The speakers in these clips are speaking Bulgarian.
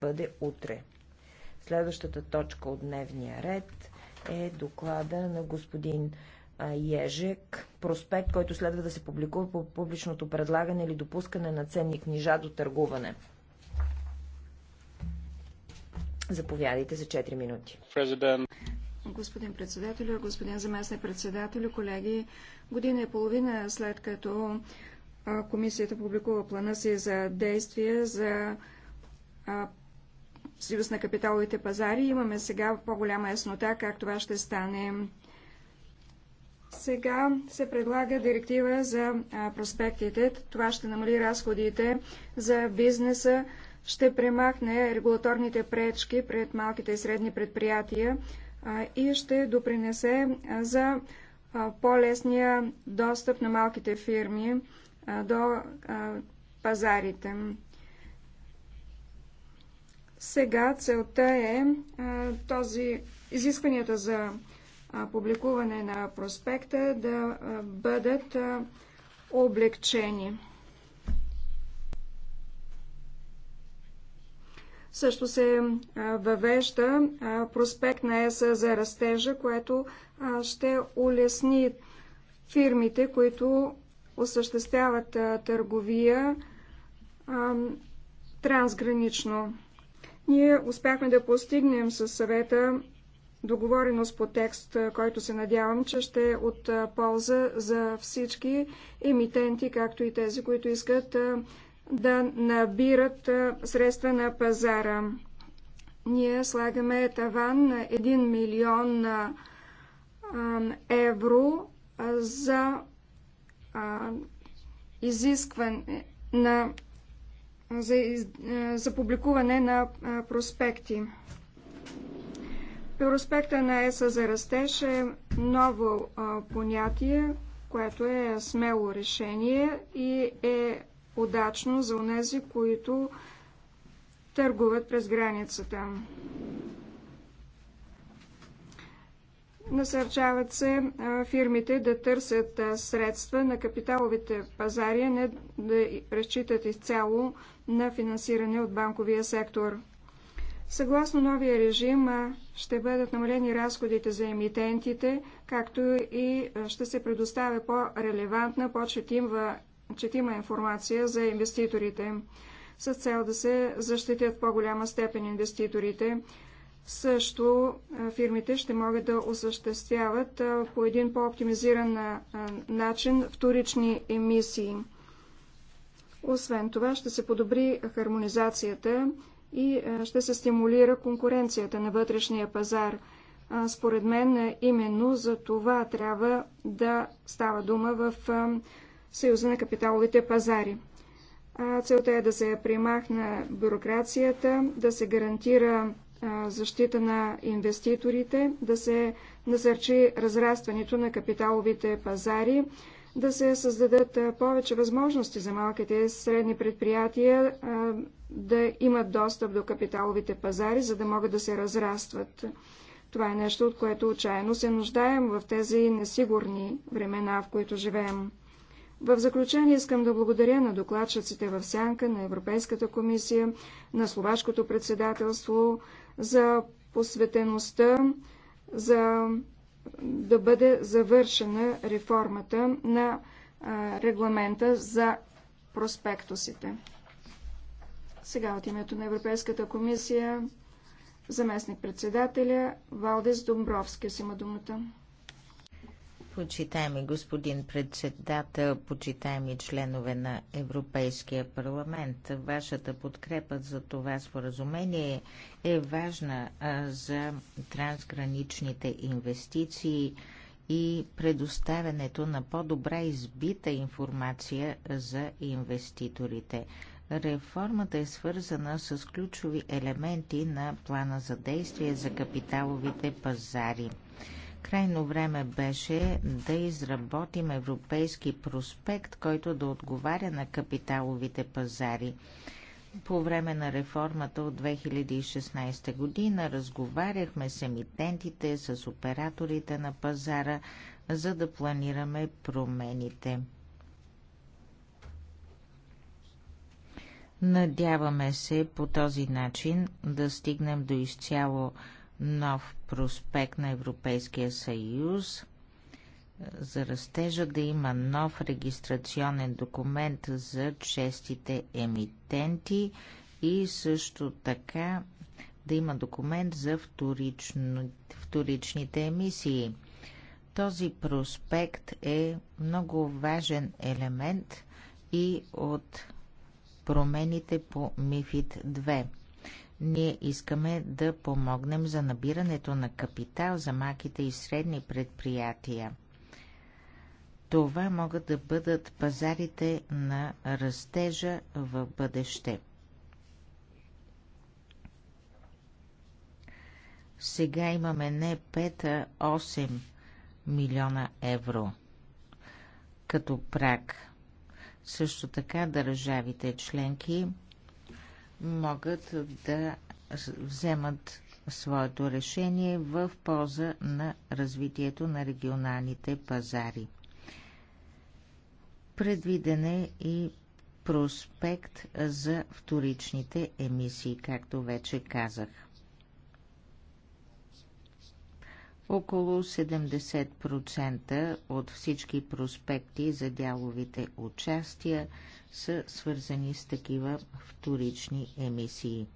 бъде утре. Следващата точка от дневния ред е доклада на господин Ежек, проспект, който следва да се публикува по публичното предлагане или допускане на ценни книжа до търгуване. Заповядайте за 4 минути. Президент. Господин председател, господин заместник председател, колеги, година и половина след като комисията публикува плана си за действие за съюз на капиталовите пазари. Имаме сега по-голяма яснота как това ще стане. Сега се предлага директива за проспектите. Това ще намали разходите за бизнеса, ще премахне регулаторните пречки пред малките и средни предприятия и ще допринесе за по-лесния достъп на малките фирми до пазарите. Сега целта е този, изискванията за публикуване на проспекта да бъдат облегчени. Също се въвежда проспект на ЕС за растежа, което ще улесни фирмите, които осъществяват търговия трансгранично. Ние успяхме да постигнем със съвета договореност по текст, който се надявам, че ще е от полза за всички емитенти, както и тези, които искат да набират средства на пазара. Ние слагаме таван на 1 милион евро за изискване на за, е, за публикуване на е, проспекти. Проспекта на ЕСА за растеж е ново е, понятие, което е смело решение и е удачно за онези, които търгуват през границата. Насърчават се фирмите да търсят средства на капиталовите пазари, не да разчитат изцяло на финансиране от банковия сектор. Съгласно новия режим ще бъдат намалени разходите за емитентите, както и ще се предоставя по-релевантна, по-четима четима информация за инвеститорите. С цел да се защитят в по-голяма степен инвеститорите, също фирмите ще могат да осъществяват по един по-оптимизиран начин вторични емисии. Освен това ще се подобри хармонизацията и ще се стимулира конкуренцията на вътрешния пазар. Според мен именно за това трябва да става дума в Съюза на капиталовите пазари. Целта е да се примахна бюрокрацията, да се гарантира защита на инвеститорите, да се насърчи разрастването на капиталовите пазари, да се създадат повече възможности за малките и средни предприятия да имат достъп до капиталовите пазари, за да могат да се разрастват. Това е нещо, от което отчаяно се нуждаем в тези несигурни времена, в които живеем. В заключение искам да благодаря на докладчиците в Сянка, на Европейската комисия, на Словашкото председателство, за посветеността, за да бъде завършена реформата на регламента за проспектусите. Сега от името на Европейската комисия заместник-председателя Валдес Домбровски си има думата. Почитаеми господин председател, почитаеми членове на Европейския парламент, вашата подкрепа за това споразумение е важна за трансграничните инвестиции и предоставянето на по-добра избита информация за инвеститорите. Реформата е свързана с ключови елементи на плана за действие за капиталовите пазари – Крайно време беше да изработим европейски проспект, който да отговаря на капиталовите пазари. По време на реформата от 2016 година разговаряхме с емитентите, с операторите на пазара, за да планираме промените. Надяваме се по този начин да стигнем до изцяло нов проспект на Европейския съюз е, за растежа да има нов регистрационен документ за честите емитенти и също така да има документ за вторично, вторичните емисии. Този проспект е много важен елемент и от промените по МИФИД 2. Ние искаме да помогнем за набирането на капитал за малките и средни предприятия. Това могат да бъдат пазарите на растежа в бъдеще. Сега имаме не 5, а 8 милиона евро като прак. Също така държавите членки могат да вземат своето решение в полза на развитието на регионалните пазари. Предвиден е и проспект за вторичните емисии, както вече казах. Около 70% от всички проспекти за дяловите участия – са свързани с такива вторични емисии.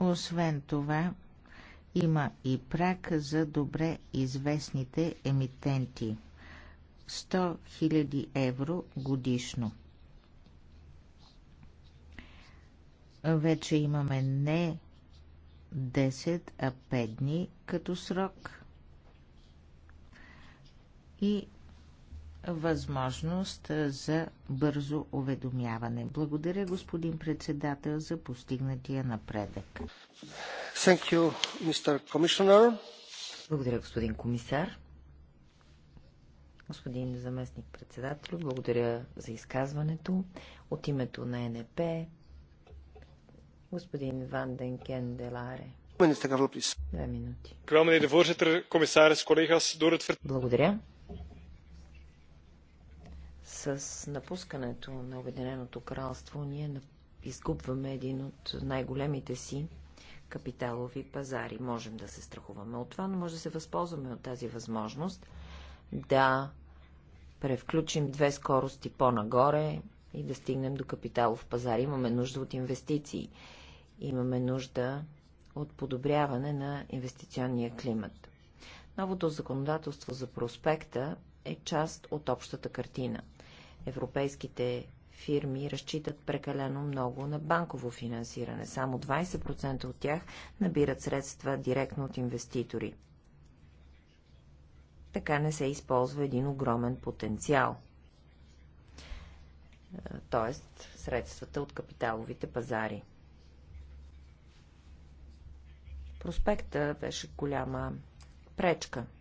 Освен това, има и прак за добре известните емитенти 100 000 евро годишно. Вече имаме не 10, а 5 дни като срок и възможност за бързо уведомяване. Благодаря, господин председател, за постигнатия напредък. Thank you, Mr. Commissioner. Благодаря, господин комисар. Господин заместник председател, благодаря за изказването. От името на НП, господин Ван Денкен Деларе. Две минути. Благодаря. С напускането на Обединеното кралство ние изгубваме един от най-големите си капиталови пазари. Можем да се страхуваме от това, но може да се възползваме от тази възможност да превключим две скорости по-нагоре и да стигнем до капиталов пазар. Имаме нужда от инвестиции. Имаме нужда от подобряване на инвестиционния климат. Новото законодателство за проспекта е част от общата картина. Европейските фирми разчитат прекалено много на банково финансиране. Само 20% от тях набират средства директно от инвеститори. Така не се използва един огромен потенциал. Тоест, средствата от капиталовите пазари. Проспекта беше голяма пречка –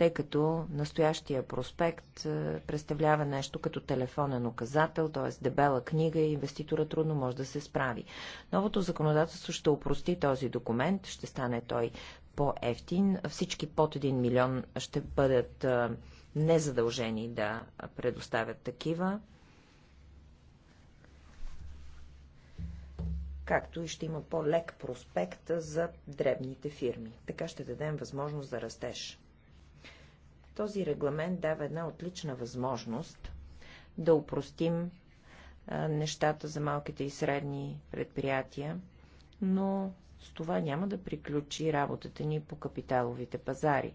тъй като настоящия проспект е, представлява нещо като телефонен указател, т.е. дебела книга и инвеститора трудно може да се справи. Новото законодателство ще упрости този документ, ще стане той по-ефтин. Всички под 1 милион ще бъдат е, незадължени да предоставят такива. както и ще има по-лек проспект за дребните фирми. Така ще дадем възможност за растеж. Този регламент дава една отлична възможност да упростим нещата за малките и средни предприятия, но с това няма да приключи работата ни по капиталовите пазари.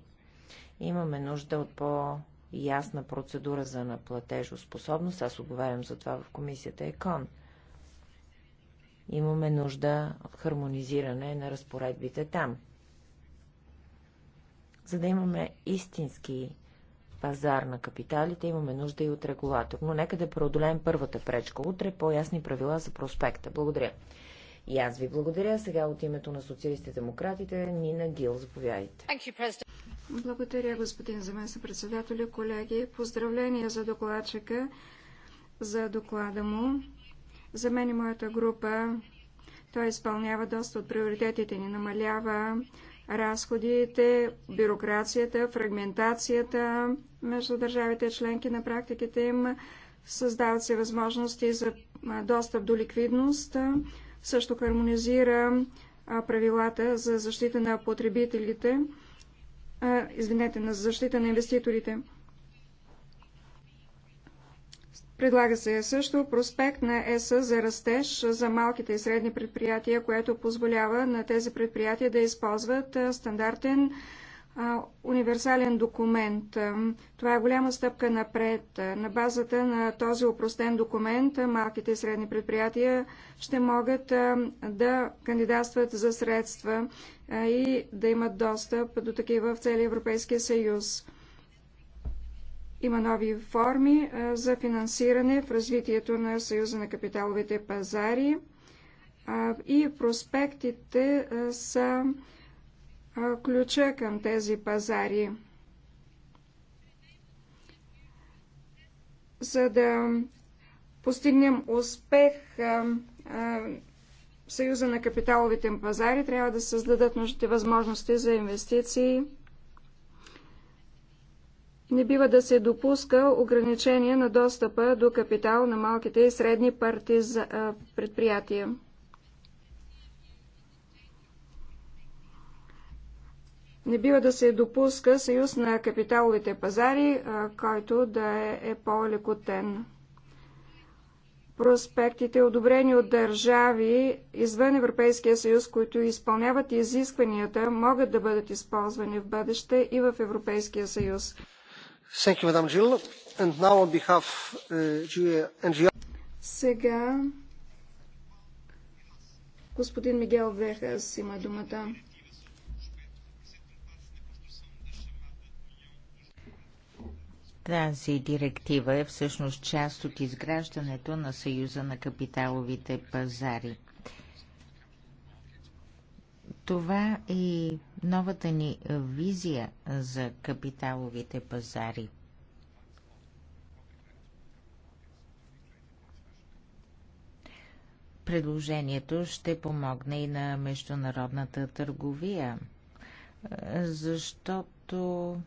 Имаме нужда от по-ясна процедура за наплатежоспособност. Аз отговарям за това в комисията ЕКОН. Имаме нужда от хармонизиране на разпоредбите там. За да имаме истински пазар на капиталите, имаме нужда и от регулатор. Но нека да преодолеем първата пречка. Утре по-ясни правила за проспекта. Благодаря. И аз ви благодаря. Сега от името на социалистите-демократите Нина Гил, заповядайте. Благодаря, господин заместник председателю, колеги. Поздравления за докладчика, за доклада му. За мен и моята група той изпълнява доста от приоритетите ни, намалява разходите, бюрокрацията, фрагментацията между държавите членки на практиките им. Създават се възможности за достъп до ликвидност. Също хармонизира правилата за защита на потребителите, извинете, на защита на инвеститорите. Предлага се също проспект на ЕС за растеж за малките и средни предприятия, което позволява на тези предприятия да използват стандартен универсален документ. Това е голяма стъпка напред. На базата на този упростен документ малките и средни предприятия ще могат да кандидатстват за средства и да имат достъп до такива в целия Европейския съюз. Има нови форми за финансиране в развитието на Съюза на капиталовите пазари и проспектите са ключа към тези пазари. За да постигнем успех, в Съюза на капиталовите пазари трябва да създадат нужните възможности за инвестиции не бива да се допуска ограничение на достъпа до капитал на малките и средни за предприятия. Не бива да се допуска съюз на капиталовите пазари, който да е, е по-лекотен. Проспектите, одобрени от държави извън Европейския съюз, които изпълняват изискванията, могат да бъдат използвани в бъдеще и в Европейския съюз. Uh, Сега господин Мигел Вехас има думата. Тази директива е всъщност част от изграждането на Съюза на капиталовите пазари. Това е и новата ни визия за капиталовите пазари. Предложението ще помогне и на международната търговия, защото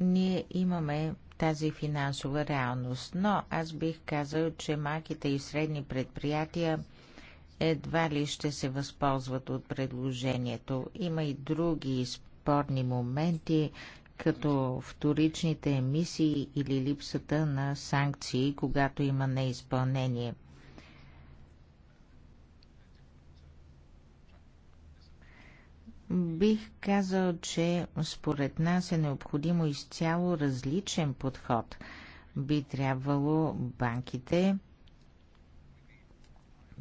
ние имаме тази финансова реалност, но аз бих казал, че малките и средни предприятия – едва ли ще се възползват от предложението. Има и други спорни моменти, като вторичните емисии или липсата на санкции, когато има неизпълнение. Бих казал, че според нас е необходимо изцяло различен подход. Би трябвало банките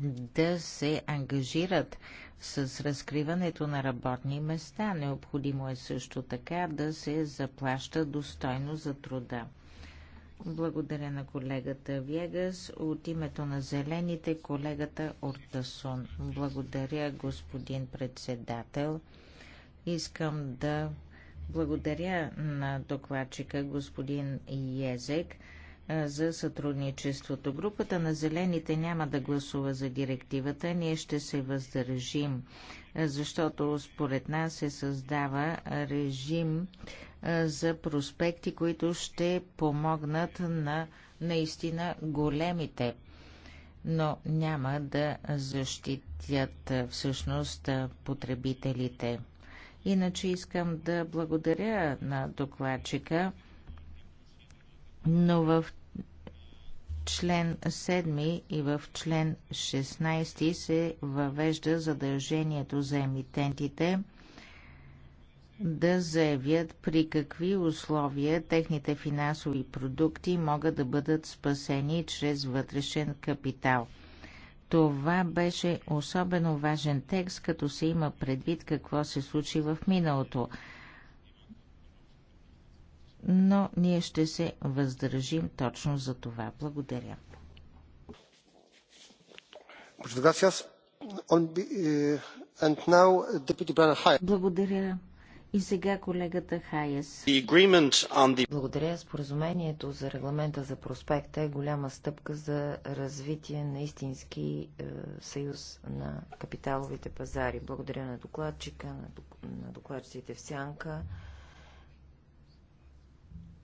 да се ангажират с разкриването на работни места. Необходимо е също така да се заплаща достойно за труда. Благодаря на колегата Вегас. От името на зелените колегата Ортасун. Благодаря, господин председател. Искам да благодаря на докладчика господин Езек за сътрудничеството. Групата на зелените няма да гласува за директивата. Ние ще се въздържим, защото според нас се създава режим за проспекти, които ще помогнат на наистина големите, но няма да защитят всъщност потребителите. Иначе искам да благодаря на докладчика но в член 7 и в член 16 се въвежда задължението за емитентите да заявят при какви условия техните финансови продукти могат да бъдат спасени чрез вътрешен капитал. Това беше особено важен текст, като се има предвид какво се случи в миналото – но ние ще се въздържим точно за това. Благодаря. Eh, Благодаря. И сега колегата Хайес. Благодаря. Споразумението за регламента за проспекта е голяма стъпка за развитие на истински е, съюз на капиталовите пазари. Благодаря на докладчика, на, док... на докладчиците в Сянка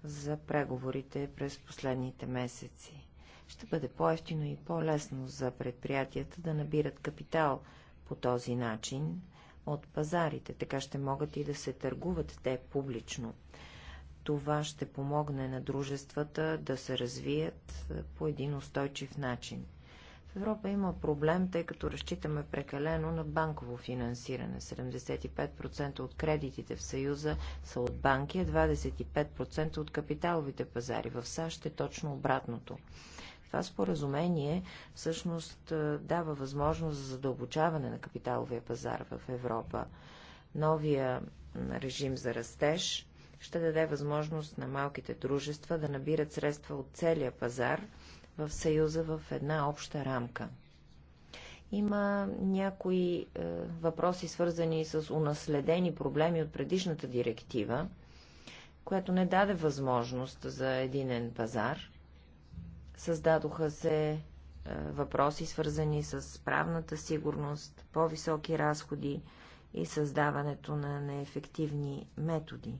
за преговорите през последните месеци. Ще бъде по-ефтино и по-лесно за предприятията да набират капитал по този начин от пазарите. Така ще могат и да се търгуват те публично. Това ще помогне на дружествата да се развият по един устойчив начин. Европа има проблем, тъй като разчитаме прекалено на банково финансиране. 75% от кредитите в Съюза са от банки, а 25% от капиталовите пазари. В САЩ е точно обратното. Това споразумение всъщност дава възможност за задълбочаване на капиталовия пазар в Европа. Новия режим за растеж ще даде възможност на малките дружества да набират средства от целия пазар – в Съюза в една обща рамка. Има някои е, въпроси, свързани с унаследени проблеми от предишната директива, която не даде възможност за единен пазар. Създадоха се е, въпроси, свързани с правната сигурност, по-високи разходи и създаването на неефективни методи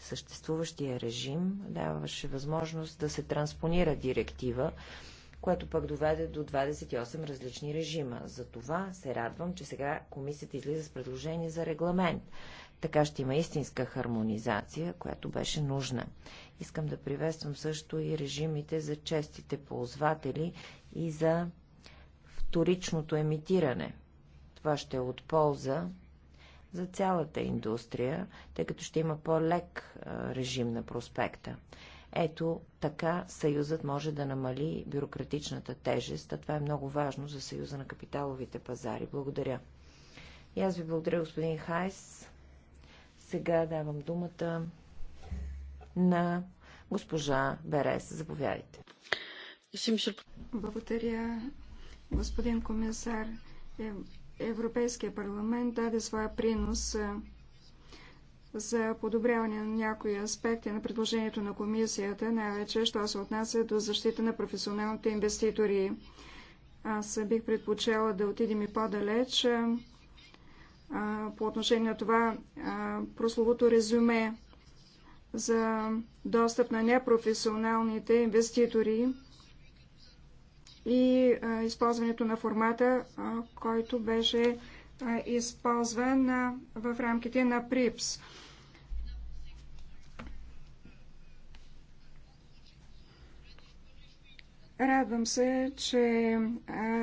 съществуващия режим даваше възможност да се транспонира директива, което пък доведе до 28 различни режима. За това се радвам, че сега комисията излиза с предложение за регламент. Така ще има истинска хармонизация, която беше нужна. Искам да приветствам също и режимите за честите ползватели и за вторичното емитиране. Това ще е от полза за цялата индустрия, тъй като ще има по-лек режим на проспекта. Ето така Съюзът може да намали бюрократичната тежест, а това е много важно за Съюза на капиталовите пазари. Благодаря. И аз ви благодаря, господин Хайс. Сега давам думата на госпожа Берес. Заповядайте. Благодаря, господин комисар. Е, Европейския парламент даде своя принос за подобряване на някои аспекти на предложението на комисията, най-вече, що се отнася до защита на професионалните инвеститори. Аз бих предпочела да отидем и по-далеч по отношение на това прословото резюме за достъп на непрофесионалните инвеститори и използването на формата, който беше използван в рамките на ПРИПС. Радвам се, че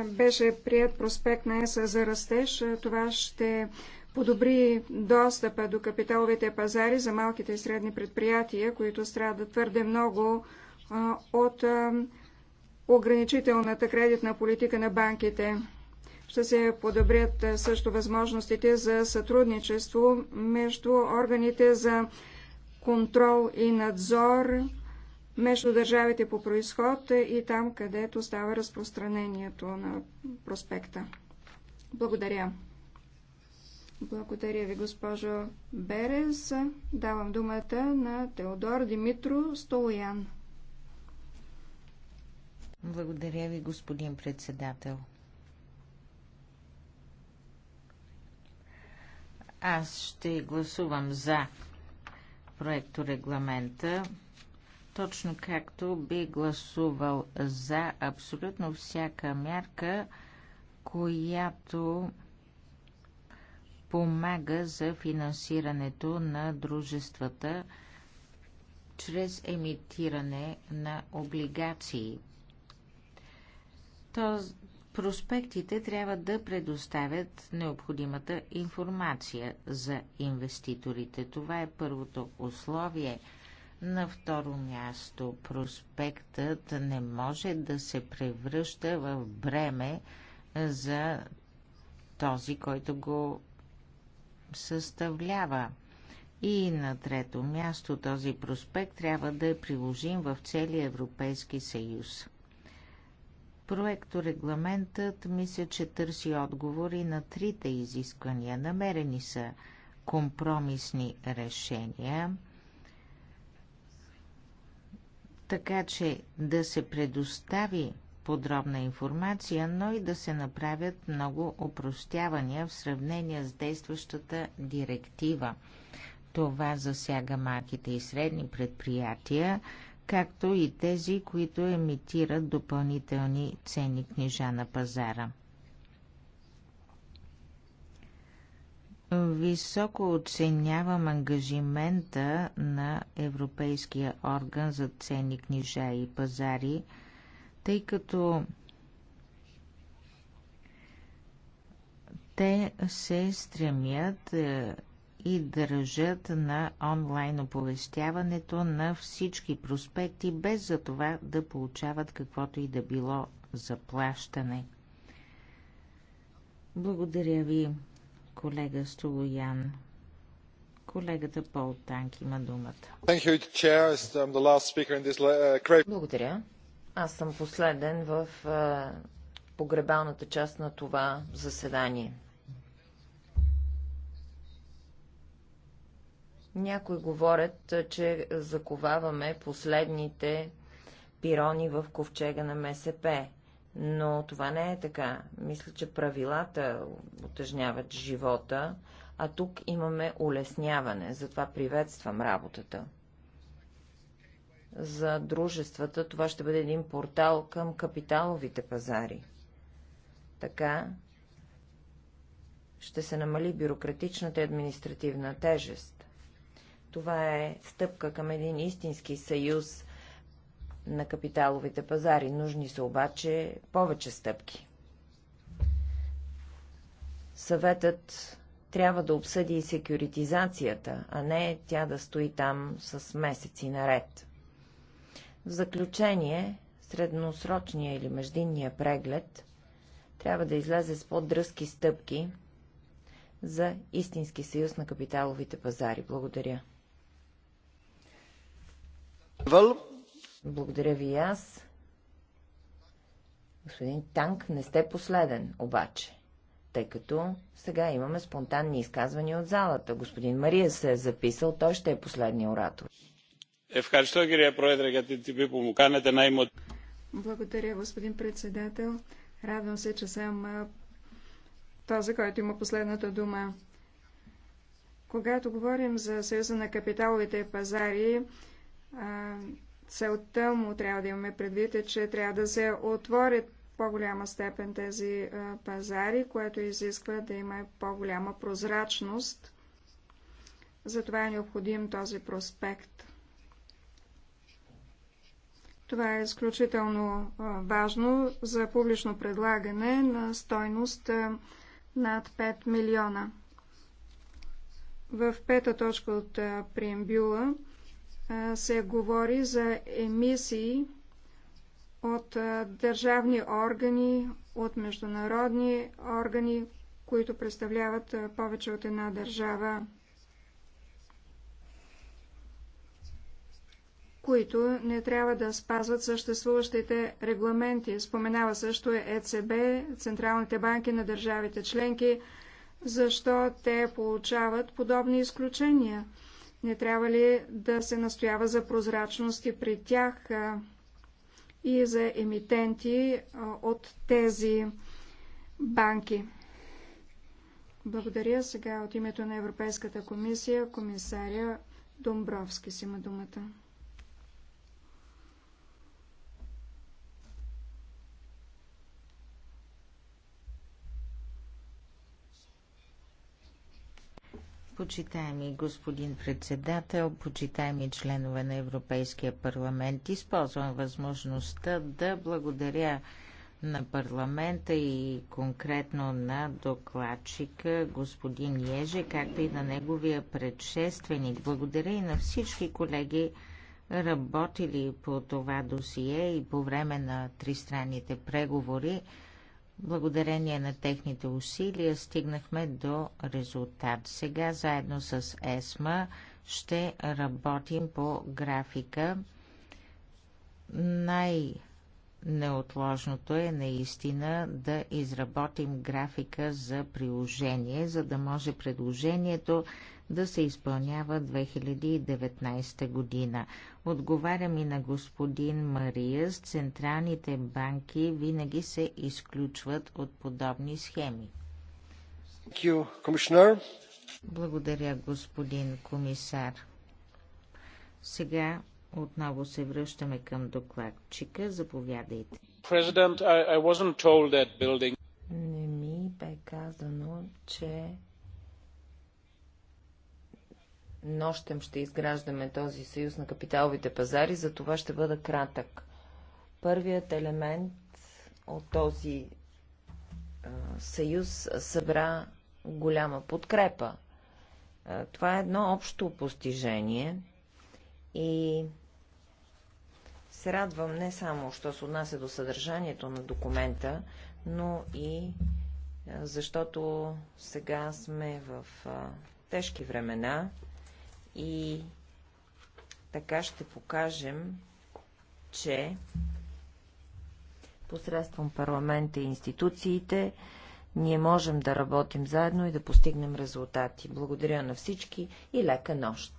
беше прият проспект на ЕСА за растеж. Това ще подобри достъпа до капиталовите пазари за малките и средни предприятия, които страдат твърде много от ограничителната кредитна политика на банките. Ще се подобрят е, също възможностите за сътрудничество между органите за контрол и надзор между държавите по происход и там, където става разпространението на проспекта. Благодаря. Благодаря ви, госпожо Берез. Давам думата на Теодор Димитро Столоян. Благодаря ви, господин председател. Аз ще гласувам за проекторегламента, точно както би гласувал за абсолютно всяка мярка, която помага за финансирането на дружествата чрез емитиране на облигации – то проспектите трябва да предоставят необходимата информация за инвеститорите. Това е първото условие. На второ място, проспектът не може да се превръща в бреме за този, който го съставлява. И на трето място този проспект трябва да е приложим в целия Европейски съюз. Проекторегламентът мисля, че търси отговори на трите изисквания. Намерени са компромисни решения, така че да се предостави подробна информация, но и да се направят много опростявания в сравнение с действащата директива. Това засяга малките и средни предприятия, както и тези, които емитират допълнителни ценни книжа на пазара. Високо оценявам ангажимента на Европейския орган за ценни книжа и пазари, тъй като те се стремят е, и държат на онлайн оповестяването на всички проспекти, без за това да получават каквото и да било заплащане. Благодаря ви, колега Столоян. Колегата Пол Танк има думата. Uh, Благодаря. Аз съм последен в uh, погребалната част на това заседание. Някои говорят, че заковаваме последните пирони в ковчега на МСП. Но това не е така. Мисля, че правилата отъжняват живота, а тук имаме улесняване. Затова приветствам работата. За дружествата това ще бъде един портал към капиталовите пазари. Така ще се намали бюрократичната и административна тежест това е стъпка към един истински съюз на капиталовите пазари. Нужни са обаче повече стъпки. Съветът трябва да обсъди и секюритизацията, а не тя да стои там с месеци наред. В заключение, средносрочния или междинния преглед трябва да излезе с по-дръзки стъпки за истински съюз на капиталовите пазари. Благодаря. Благодаря ви и аз. Господин Танк, не сте последен, обаче, тъй като сега имаме спонтанни изказвания от залата. Господин Мария се е записал, той ще е последния оратор. Благодаря, господин председател. Радвам се, че съм този, който има последната дума. Когато говорим за Съюза на капиталовите пазари, целта му трябва да имаме предвид е, че трябва да се отворят по-голяма степен тези пазари, което изисква да има по-голяма прозрачност. Затова е необходим този проспект. Това е изключително важно за публично предлагане на стойност над 5 милиона. В пета точка от преембюла се говори за емисии от държавни органи, от международни органи, които представляват повече от една държава, които не трябва да спазват съществуващите регламенти. Споменава също ЕЦБ, централните банки на държавите членки, защо те получават подобни изключения. Не трябва ли да се настоява за прозрачност и при тях и за емитенти от тези банки? Благодаря. Сега от името на Европейската комисия комисаря Домбровски си има думата. Почитаеми господин председател, почитаеми членове на Европейския парламент, използвам възможността да благодаря на парламента и конкретно на докладчика господин Еже, както и на неговия предшественик. Благодаря и на всички колеги, работили по това досие и по време на тристранните преговори. Благодарение на техните усилия стигнахме до резултат. Сега заедно с ЕСМА ще работим по графика. Най- Неотложното е наистина да изработим графика за приложение, за да може предложението да се изпълнява 2019 година. Отговарям и на господин Мария, с централните банки винаги се изключват от подобни схеми. You, Благодаря, господин комисар. Сега отново се връщаме към докладчика. Заповядайте. Не ми бе казано, че нощем ще изграждаме този съюз на капиталовите пазари, за това ще бъда кратък. Първият елемент от този а, съюз събра голяма подкрепа. А, това е едно общо постижение и се радвам не само, що се отнася до съдържанието на документа, но и е, защото сега сме в а, е, тежки времена и така ще покажем, че посредством парламента и институциите ние можем да работим заедно и да постигнем резултати. Благодаря на всички и лека нощ!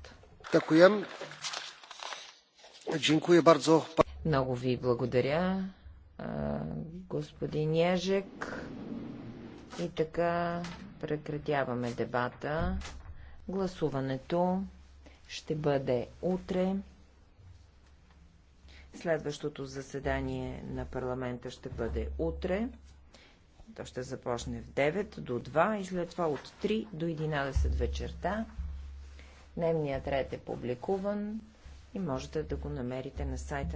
Много ви благодаря, господин Ежек. И така прекратяваме дебата. Гласуването ще бъде утре. Следващото заседание на парламента ще бъде утре. То ще започне в 9 до 2 и след това от 3 до 11 вечерта. Дневният ред е публикуван и можете да го намерите на сайта